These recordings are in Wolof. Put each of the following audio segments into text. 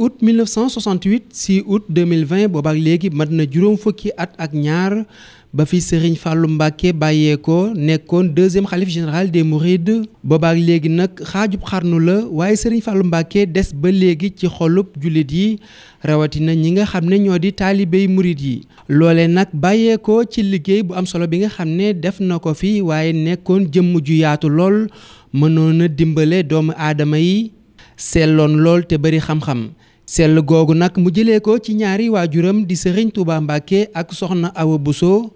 août 1968 6 août 2020 boobaak léegi mat na juróom fukki at ak ñaar ba fi Serigne Fallou Mbacké bàyyeekoo nekkoon deuxième xalif général des Mourides boobaak léegi nag xaajub xarnu la waaye Serigne Fallou Mbacké des ba léegi ci xolub jullit yi rawatina ñi nga xam ne ñoo di taalibey murit yi loole nag bàyyeekoo ci liggéey bu am solo bi nga xam ne def na ko fi waaye nekkoon jëmm ju yaatu lool mënoon a dimbale doomu aadama yi selloon lool te bari xam-xam sell googu nag mu jëlee ko ci ñaari waajuram di sëriñ Touba Mbacke ak soxna Awa Bousso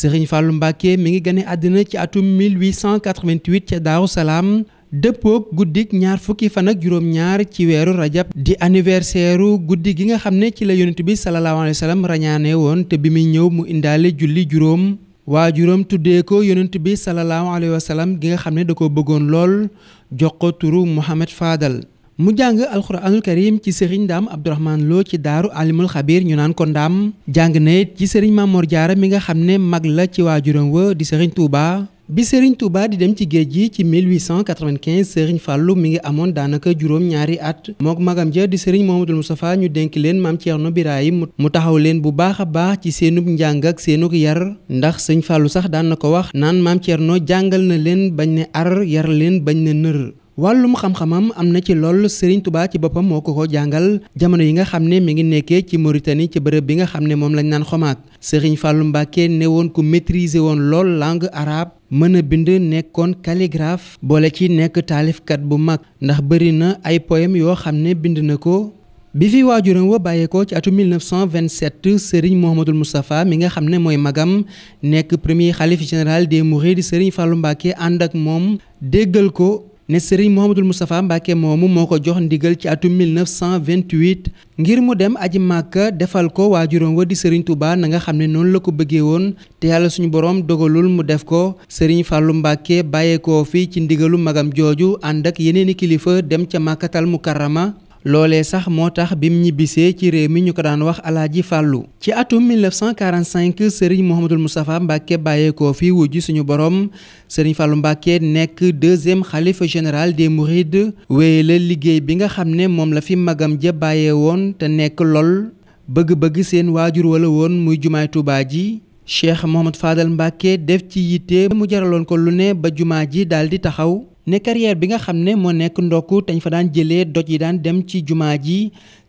sëriñ fàllu Mbacke mi ngi gane àddina ci atum 1888 ca Daaru Salaam dëppoog guddik ñaar fukki fan ak juróom-ñaar ci weeru rajab di anniversaire guddi gi nga xam ne ci la yonent bi sallallahu alayhi wa sallam rañaane woon te bi muy ñëw mu indaale julli juróom waajuram tuddee ko yonent bi sallallahu alayhi gi nga xam ne da ko bëggoon lool jox ko turu Mouhamed Fadal mu jàng alxuraanul karim ci sëriñ ndaam abdourahman loo ci daaru alimul xabir ñu naan ko ndaam jàng na it ci sëriñ Mamoor Jaara mi nga xam ne mag la ci waajuram wa di sëriñ Touba. bi sëriñ Touba di dem ci géej gi ci 1895 sëriñ Fallou mi ngi amoon daanaka juróom ñaari at mook magam ja di sëriñ Mouhamadoul Moustapha ñu dénk leen maam Thierno Birahim mu taxaw leen bu baax a baax ci seenug njàng ak seenug yar ndax sëñ Fallou sax daan na ko wax naan maam Thierno jàngal na leen bañ ne ar yar leen bañ ne nër wàllum xam-xamam am na ci lool Serigne Touba ci boppam moo ko ko jàngal jamono yi nga xam ne mi ngi nekkee ci Mauritanie ci bërëb bi nga xam ne moom lañ naan xomaag Serigne Fallou Mbacké ne woon ko maîtriser woon lool langue arabe mën a bind nekkoon calligraphe boole ci nekk taalifkat bu mag ndax bëri na ay poème yoo xam ne bind na ko. bi fi waajuram wa bàyyeekoo ci atum 1927 Serigne Mouhamadul Moustapha mi nga xam ne mooy magam nekk premier xalif général des Mourides Serigne Fallou Mbacké ànd ak moom déggal ko ne Serigne Mouhamadul Moustapha Mbacke moomu moo ko jox ndigal ci atum 1928 ngir mu dem aji màkka defal ko waajuram wa di Serigne Touba na nga xam ne noonu la ko bëggee woon te yàlla suñu borom dogalul mu def ko Serigne Fallou Mbacke bàyyeekoo fi ci ndigalu magam jooju ànd ak yeneeni kilifa dem ca màkkatal mukarrama loole sax moo tax bi mu ñibbisee ci réew mi ñu ko daan wax alaaji fàllu ci atum 1945 sëriñ Mouhamadul Moustapha Mbacke bàyyeekoo fi wujj suñu borom sëriñ fàllu Mbacke nekk deuxième xalifa général de Mourides wéye la liggéey bi nga xam ne moom la fi magam ja bàyyee woon te nekk lool bëgg-bëgg seen waajur wala woon muy jumaay Tuubaa ji cheikh Mohamad Fadal Mbacke def ci yitte mu jaraloon ko lu ne ba jumaa ji daal di taxaw ne carrière bi nga xam ne moo nekk ndokk te fa daan jëlee doj yi daan dem ci jumaa ji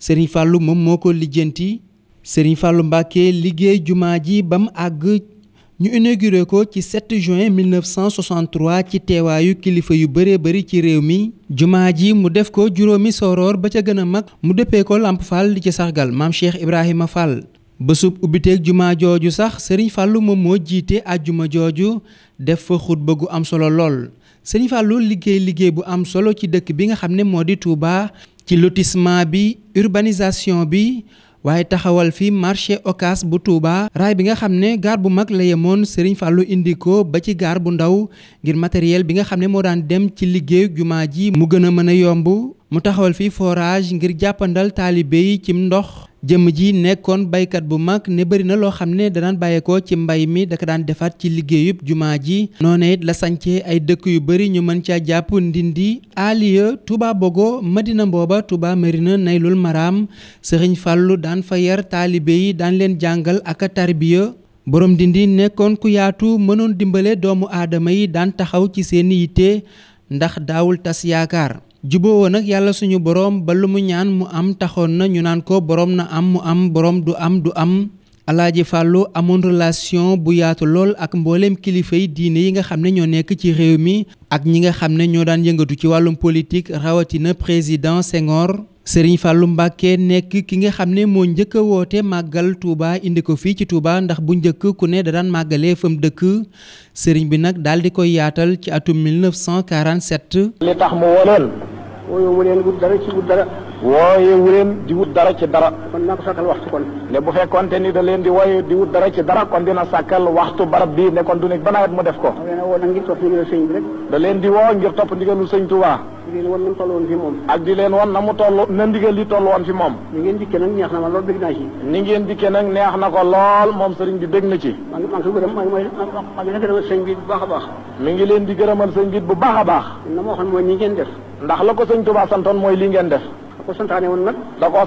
Serigne fàllu moom moo ko lijjanti Serigne fàllu Mbacké liggéey jumaa ji ba mu àgg ñu inauguré ko ci 7 juin 1963 ci teewaayu kilifa yu bëree bëri ci réew mi jumaa ji mu def ko juróomi soroor ba ca gën a mag mu dëppee ko Lamp Fall di ci sargal maam Cheikh Ibrahima Fall bésub ubbiteeg jumaa jooju sax Serigne fàllu moom moo jiite àjjuma jooju def fa xutba gu am solo lool sëñ fàllu liggéey liggéey bu am solo ci dëkk bi nga xam ne moo di Touba ci lotissement bi urbanisation bi waaye taxawal fi marché Ocass bu Touba raay bi nga xam ne gaar bu mag la yemoon Serigne fàllu indi ko ba ci gaar bu ndaw ngir matériel bi nga xam ne moo daan dem ci liggéey jumaa ji mu gën a mën a yomb mu taxawal fi forage ngir jàppandal taalibe yi cim ndox jëmm ji nekkoon baykat bu mag ne bëri na loo xam ne danaan bàyyeekoo ci mbay mi daka daan defaat ci liggéeyub jumaa ji noonu it la sancee ay dëkk yu bëri ñu mën caa jàpp ndindi aliya Touba Bogo Madina Mbooba Touba Marina Naylul Maram Sëriñ Fàllu daan fa yar taalibe yi daan leen jàngal ak tarbiya borom ndindi nekkoon ku yaatu mënoon dimbale doomu aadama yi daan taxaw ci seeni yitte ndax daawul tas yaakaar jubóowoo nag yàlla suñu boroom ba lu mu ñaan mu am taxoon na ñu naan ko boroom na am mu am boroom du am du am alaaji fàllu amoon relation bu yaatu lool ak mbooleem kilifay yi diine yi nga xam ne ñoo nekk ci réew mi ak ñi nga xam ne ñoo daan yëngatu ci wàllum politique rawatina président Senghor sëriñ fàllu mbàkke nekk ki nga xam ne moo njëkk woote màggal Touba indi ko fii ci Touba ndax bu njëkk ku ne da daan màggalee fam dëkk sëriñ bi nag daal di koy yaatal ci atum 1947 li tax mu wooyewu leen wut dara ci wut dara. leen di wut dara ci dara. kon naa ko sàkkal waxtu kon. ne bu fekkonte ni da leen di wooye di wut dara ci dara kon dina sàkkal waxtu barab bii ne kon du nekk banaa nawet mu def ko. da leen di woo ngir topp ndigalu sëñ Tuubaa. di leen wan na mu toll woon fi moom. ak di leen wan na mu toll na ndigal li toll woon fi moom. ni ngeen dikkee nag neex na ma lool bég naa ci. ni ngeen dikkee nag neex ko lool moom sëriñ bi bég na ci. maa ngi maa ngi gërëmal sëñ bi bu baax a baax. mi ngi leen di gërëmal sëñ bi bu baax a baax. na ma waxoon mooy ni ngeen def. ndax la ko sëñ Tuubaa santoon mooy lii ngeen def. da koo santaane woon nag.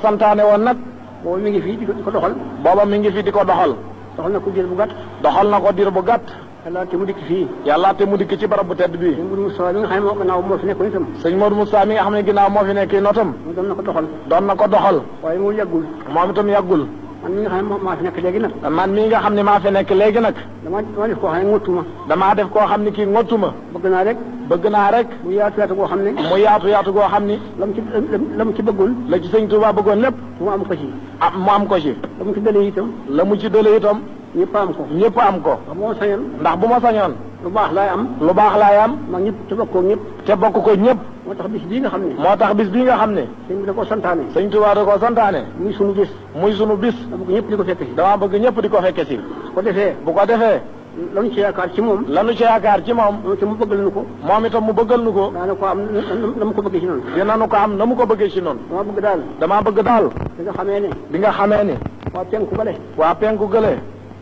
santaane woon nag. booba mi ngi fi di ko doxal. booba mi ngi fi di ko doxal. doxal na ko diir bu gàtt. doxal na ko diir bu gàtt. yàlla te mu dikk fii. yàlla te mu ci barab tedd bii. sëñ Modou Moustapha mi nga xam ne ginnaaw moo fi nekk itam. sëñ Modou Moustapha mi nga xam ne ginnaaw moo fi nekk itam. na ko doxal. doon ko doxal. waaye moom yàggul. moom man mii nga xam ne maa fi nekk léegi nag. man mii nga xam ne ma fi nekk léegi nag. damaa damaa def koo xam ne ngottu ma. damaa def koo xam ne kii ngottu ma. bëgg naa rek. bëgg naa rek. mu yaatu yaatu goo xam ne. mu yaatu yaatu goo xam ne la mu ci la mu ci bëggoon. la ci sëñ Touba bëggoon lépp. mu am ko ci. am ah, mu am ko ci. la mu ci dëlee itam. la mu ci dëlee itam. ñëpp am ko. ñëpp am ko. ndax bu ma sañoon. lu baax laay am. lu baax laay am. mag ñëpp te bokkoo ñëpp te bokk ko ñëpp. moo tax bis bii nga xam ne. moo tax bis bii nga xam ne. sëñ bi da koo santaane. sëñ Tuubaa da santaane. muy sunu bis. muy sunu bis. dama bëgg ñëpp di ko fekke si. bëgg ñëpp di ko fekke si. bu ko defee. bu ko defee. lanu ci yaakaar ci moom. lanu ci yaakaar ci moom. mu bëggal nu ko. moom itam mu bëggal nu ko. daana ko am na mu ko bëggee ci noonu. dinañu ko am na mu ko bëggee ci noonu. dama bëgg daal. damaa bëgg daal. di nga xamee ne. di nga xamee ne. waa penku gële. waa penku gële.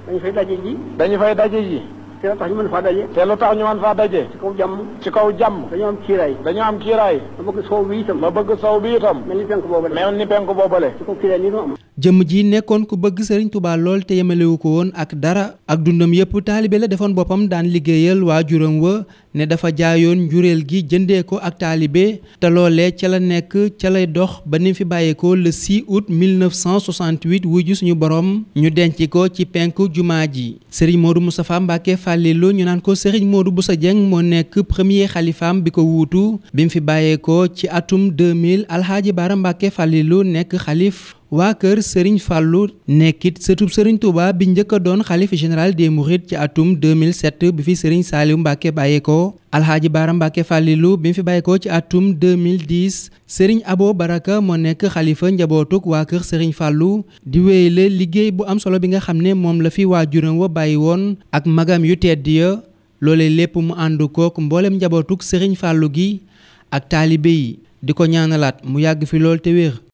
dañu fay daje ji. dañu fay daje ji. te lu tax ñu mën faa daje. te lu tax ñu mën faa daje. ci kaw jàmm. ci kaw jàmm. dañoo am kiiraay. dañoo am kiiraay. ma bëgg sow tam itam. ma bëgg sow bi itam. mel ni penk boobale. mel ni penk boobale. ci kaw kiiraay nii am. jëmm ji nekkoon ko bëgg Serigne Touba lool te yemelewu ko woon ak dara ak dundam yépp taalibe la defoon boppam daan liggéeyal waajuram wa ne dafa jaayoon njureel gi jëndee ko ak taalibe te loolee ca la nekk ca lay dox ba ni fi bàyyeekoo le 6 août 1968 ji suñu borom ñu denc ko ci penk jumaa ji Serigne Modou Moustapha Mbacké Fallilou ñu naan ko Serigne bu sa Dieng moo nekk premier xalifaam bi ko wuutu bi mu fi bàyyeekoo ci atum 2000 Alxaaji Bara Mbacké Fallilou nekk xalif waa kër Serigne Fallou nekkit sëtub Serigne Touba bi njëkk a doon xalif général des Mourides ci atum 2007 bi fi Serigne Saliou Mbacke bàyyeekoo alxaaji Baara Mbacke Fallilou bi mu fi bàyyeekoo ci atum 2010 Serigne Abo Baraka moo nekk xalifa njabootuk waa kër Serigne Fallou di wéy la liggéey bu am solo bi nga xam ne moom la fi waajuram wa bàyyi woon ak magam yu tedd ya loole lépp mu ànd kook mbooleem njabootuk Serigne Fallou gi ak taalibe yi di ko ñaanalaat mu yàgg fi lool te wér.